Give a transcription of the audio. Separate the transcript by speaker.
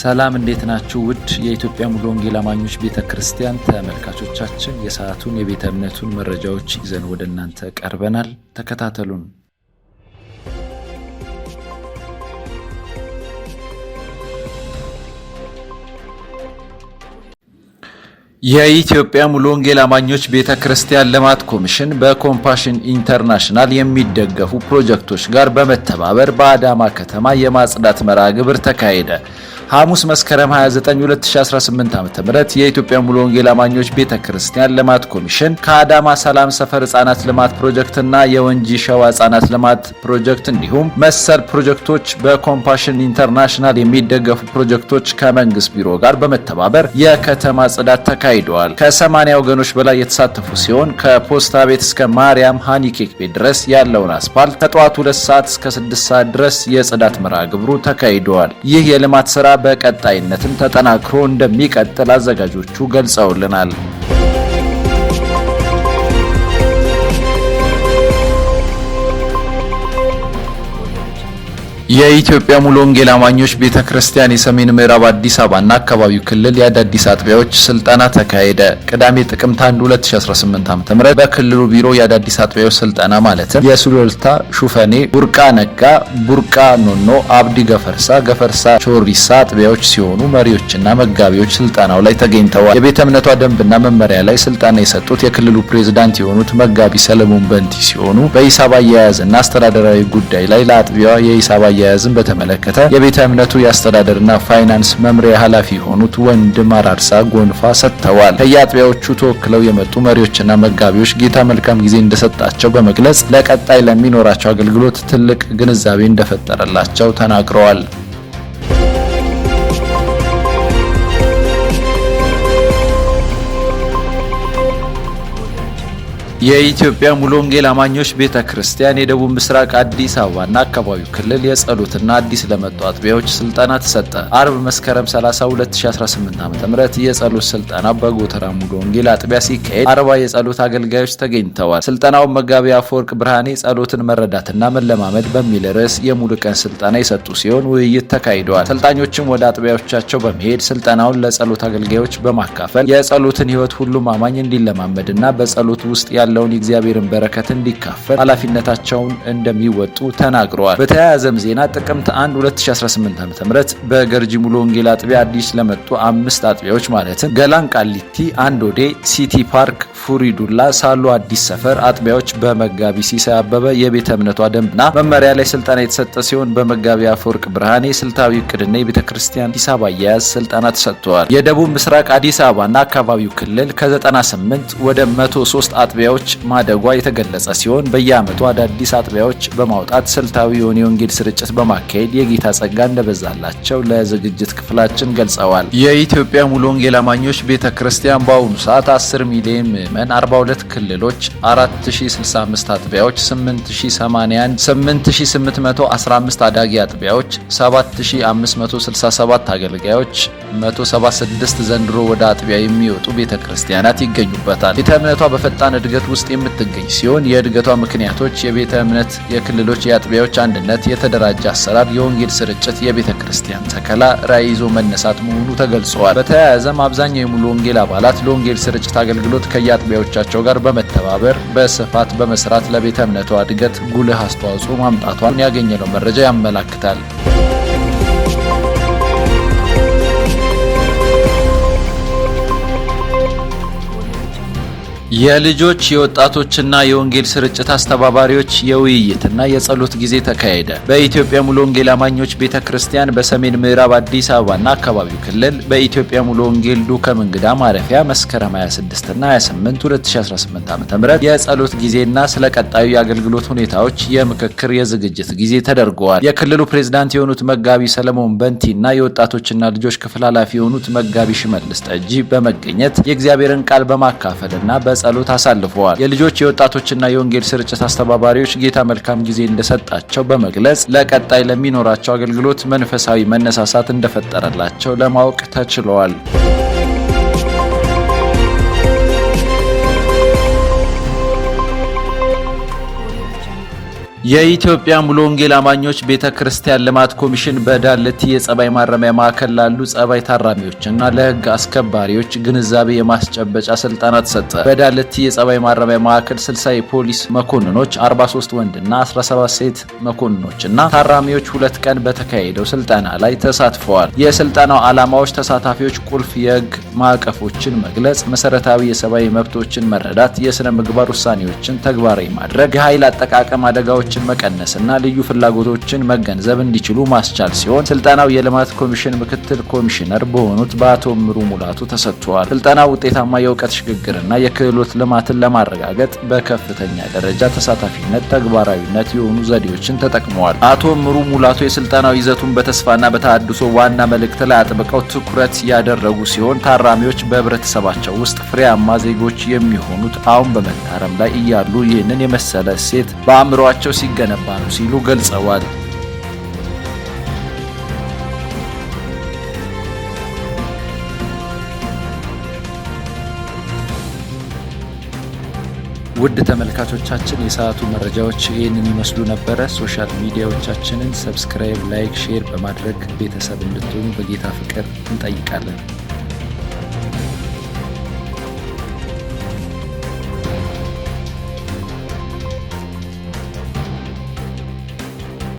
Speaker 1: ሰላም እንዴት ናችሁ? ውድ የኢትዮጵያ ሙሉ ወንጌል አማኞች ቤተ ክርስቲያን ተመልካቾቻችን የሰዓቱን የቤተ እምነቱን መረጃዎች ይዘን ወደ እናንተ ቀርበናል። ተከታተሉን። የኢትዮጵያ ሙሉ ወንጌል አማኞች ቤተ ክርስቲያን ልማት ኮሚሽን በኮምፓሽን ኢንተርናሽናል የሚደገፉ ፕሮጀክቶች ጋር በመተባበር በአዳማ ከተማ የማጽዳት መርሃ ግብር ተካሄደ። ሐሙስ መስከረም 29 2018 ዓ.ም የኢትዮጵያ ሙሉ ወንጌል አማኞች ቤተክርስቲያን ልማት ኮሚሽን ከአዳማ ሰላም ሰፈር ህጻናት ልማት ፕሮጀክትና የወንጂ ሸዋ ህጻናት ልማት ፕሮጀክት እንዲሁም መሰል ፕሮጀክቶች በኮምፓሽን ኢንተርናሽናል የሚደገፉ ፕሮጀክቶች ከመንግስት ቢሮ ጋር በመተባበር የከተማ ጽዳት ተካሂደዋል። ከ80 ወገኖች በላይ የተሳተፉ ሲሆን ከፖስታ ቤት እስከ ማርያም ሃኒኬክ ቤት ድረስ ያለውን አስፋልት ከጠዋቱ 2 ሰዓት እስከ 6 ሰዓት ድረስ የጽዳት መርሃ ግብሩ ተካሂደዋል። ይህ የልማት ስራ በቀጣይነትም ተጠናክሮ እንደሚቀጥል አዘጋጆቹ ገልጸውልናል። የኢትዮጵያ ሙሉ ወንጌል አማኞች ቤተ ክርስቲያን የሰሜን ምዕራብ አዲስ አበባና አካባቢው ክልል የአዳዲስ አጥቢያዎች ስልጠና ተካሄደ። ቅዳሜ ጥቅምት 1 2018 ዓ.ም በክልሉ ቢሮ የአዳዲስ አጥቢያዎች ስልጠና ማለትም የሱሉልታ፣ ሹፈኔ፣ ቡርቃ ነጋ፣ ቡርቃ ኖኖ፣ አብዲ ገፈርሳ፣ ገፈርሳ ቾሪሳ አጥቢያዎች ሲሆኑ መሪዎችና መጋቢዎች ስልጠናው ላይ ተገኝተዋል። የቤተ እምነቷ ደንብና መመሪያ ላይ ስልጠና የሰጡት የክልሉ ፕሬዝዳንት የሆኑት መጋቢ ሰለሞን በንቲ ሲሆኑ በሂሳብ አያያዝና አስተዳደራዊ ጉዳይ ላይ ለአጥቢያዋ የሂሳብ አያያዝን በተመለከተ የቤተ እምነቱ የአስተዳደርና ፋይናንስ መምሪያ ኃላፊ የሆኑት ወንድም አራርሳ ጎንፋ ሰጥተዋል። ከየአጥቢያዎቹ ተወክለው የመጡ መሪዎችና መጋቢዎች ጌታ መልካም ጊዜ እንደሰጣቸው በመግለጽ ለቀጣይ ለሚኖራቸው አገልግሎት ትልቅ ግንዛቤ እንደፈጠረላቸው ተናግረዋል። የኢትዮጵያ ሙሉ ወንጌል አማኞች ቤተ ክርስቲያን የደቡብ ምስራቅ አዲስ አበባና አካባቢው ክልል የጸሎትና አዲስ ለመጡ አጥቢያዎች ስልጠና ተሰጠ። አርብ መስከረም 30 2018 ዓ.ም የጸሎት ስልጠና በጎተራ ሙሉ ወንጌል አጥቢያ ሲካሄድ አርባ የጸሎት አገልጋዮች ተገኝተዋል። ስልጠናውን መጋቢ አፈወርቅ ብርሃኔ ጸሎትን መረዳትና መለማመድ በሚል ርዕስ የሙሉ ቀን ስልጠና የሰጡ ሲሆን ውይይት ተካሂደዋል። ሰልጣኞችም ወደ አጥቢያዎቻቸው በመሄድ ስልጠናውን ለጸሎት አገልጋዮች በማካፈል የጸሎትን ሕይወት ሁሉም አማኝ እንዲለማመድና በጸሎት ውስጥ ያለውን የእግዚአብሔርን በረከት እንዲካፈል ኃላፊነታቸውን እንደሚወጡ ተናግረዋል። በተያያዘም ዜና ጥቅምት 1 2018 ዓ ም በገርጂ ሙሉ ወንጌል አጥቢያ አዲስ ለመጡ አምስት አጥቢያዎች ማለትም ገላን ቃሊቲ፣ አንዶዴ፣ ሲቲ ፓርክ፣ ፉሪዱላ፣ ሳሎ አዲስ ሰፈር አጥቢያዎች በመጋቢ ሲሳይ አበበ የቤተ እምነቷ ደንብና መመሪያ ላይ ስልጠና የተሰጠ ሲሆን በመጋቢ አፈወርቅ ብርሃኔ ስልታዊ እቅድና የቤተ ክርስቲያን ሂሳብ አያያዝ ስልጠና ተሰጥተዋል። የደቡብ ምስራቅ አዲስ አበባና አካባቢው ክልል ከ98 ወደ 103 አጥቢያዎች አጥቢያዎች ማደጓ የተገለጸ ሲሆን በየዓመቱ አዳዲስ አጥቢያዎች በማውጣት ስልታዊ የሆነ የወንጌል ስርጭት በማካሄድ የጌታ ጸጋ እንደበዛላቸው ለዝግጅት ክፍላችን ገልጸዋል። የኢትዮጵያ ሙሉ ወንጌል አማኞች ቤተ ክርስቲያን በአሁኑ ሰዓት 10 ሚሊዮን ምዕመን፣ 42 ክልሎች፣ 4065 አጥቢያዎች፣ 8081 8815 አዳጊ አጥቢያዎች፣ 7567 አገልጋዮች፣ 176 ዘንድሮ ወደ አጥቢያ የሚወጡ ቤተ ክርስቲያናት ይገኙበታል። ቤተ እምነቷ በፈጣን እድገት ውስጥ የምትገኝ ሲሆን የእድገቷ ምክንያቶች የቤተ እምነት፣ የክልሎች የአጥቢያዎች አንድነት፣ የተደራጀ አሰራር፣ የወንጌል ስርጭት፣ የቤተ ክርስቲያን ተከላ ራዕይ ይዞ መነሳት መሆኑ ተገልጸዋል። በተያያዘም አብዛኛው የሙሉ ወንጌል አባላት ለወንጌል ስርጭት አገልግሎት ከየአጥቢያዎቻቸው ጋር በመተባበር በስፋት በመስራት ለቤተ እምነቷ እድገት ጉልህ አስተዋጽኦ ማምጣቷን ያገኘነው መረጃ ያመላክታል። የልጆች የወጣቶችና የወንጌል ስርጭት አስተባባሪዎች የውይይትና የጸሎት ጊዜ ተካሄደ። በኢትዮጵያ ሙሉ ወንጌል አማኞች ቤተ ክርስቲያን በሰሜን ምዕራብ አዲስ አበባና አካባቢው ክልል በኢትዮጵያ ሙሉ ወንጌል ዱከም እንግዳ ማረፊያ መስከረም 26ና 28 2018 ዓ ም የጸሎት ጊዜና ስለ ቀጣዩ የአገልግሎት ሁኔታዎች የምክክር የዝግጅት ጊዜ ተደርገዋል። የክልሉ ፕሬዝዳንት የሆኑት መጋቢ ሰለሞን በንቲና የወጣቶችና ልጆች ክፍል ኃላፊ የሆኑት መጋቢ ሽመልስ ጠጂ በመገኘት የእግዚአብሔርን ቃል በማካፈልና በ ጸሎት አሳልፈዋል። የልጆች የወጣቶችና የወንጌል ስርጭት አስተባባሪዎች ጌታ መልካም ጊዜ እንደሰጣቸው በመግለጽ ለቀጣይ ለሚኖራቸው አገልግሎት መንፈሳዊ መነሳሳት እንደፈጠረላቸው ለማወቅ ተችሏል። የኢትዮጵያ ሙሉ ወንጌል አማኞች ቤተ ክርስቲያን ልማት ኮሚሽን በዳለቲ የጸባይ ማረሚያ ማዕከል ላሉ ጸባይ ታራሚዎች እና ለሕግ አስከባሪዎች ግንዛቤ የማስጨበጫ ስልጠናት ሰጠ። በዳለቲ የጸባይ ማረሚያ ማዕከል 60 የፖሊስ መኮንኖች፣ 43 ወንድና 17 ሴት መኮንኖች እና ታራሚዎች ሁለት ቀን በተካሄደው ስልጠና ላይ ተሳትፈዋል። የስልጠናው ዓላማዎች ተሳታፊዎች ቁልፍ የሕግ ማዕቀፎችን መግለጽ፣ መሰረታዊ የሰብአዊ መብቶችን መረዳት፣ የሥነ ምግባር ውሳኔዎችን ተግባራዊ ማድረግ፣ የኃይል አጠቃቀም አደጋዎች ወጪዎችን መቀነስ እና ልዩ ፍላጎቶችን መገንዘብ እንዲችሉ ማስቻል ሲሆን ስልጠናው የልማት ኮሚሽን ምክትል ኮሚሽነር በሆኑት በአቶ ምሩ ሙላቱ ተሰጥቷል። ስልጠናው ውጤታማ የእውቀት ሽግግርና የክህሎት ልማትን ለማረጋገጥ በከፍተኛ ደረጃ ተሳታፊነት፣ ተግባራዊነት የሆኑ ዘዴዎችን ተጠቅመዋል። አቶ ምሩ ሙላቱ የስልጠናው ይዘቱን በተስፋና በተሃድሶ ዋና መልእክት ላይ አጥብቀው ትኩረት ያደረጉ ሲሆን ታራሚዎች በህብረተሰባቸው ውስጥ ፍሬያማ ዜጎች የሚሆኑት አሁን በመታረም ላይ እያሉ ይህንን የመሰለ እሴት በአእምሯቸው ሲ ሲገነባ ነው ሲሉ ገልጸዋል። ውድ ተመልካቾቻችን የሰዓቱ መረጃዎች ይህንን ይመስሉ ነበረ። ሶሻል ሚዲያዎቻችንን ሰብስክራይብ፣ ላይክ፣ ሼር በማድረግ ቤተሰብ እንድትሆኑ በጌታ ፍቅር እንጠይቃለን።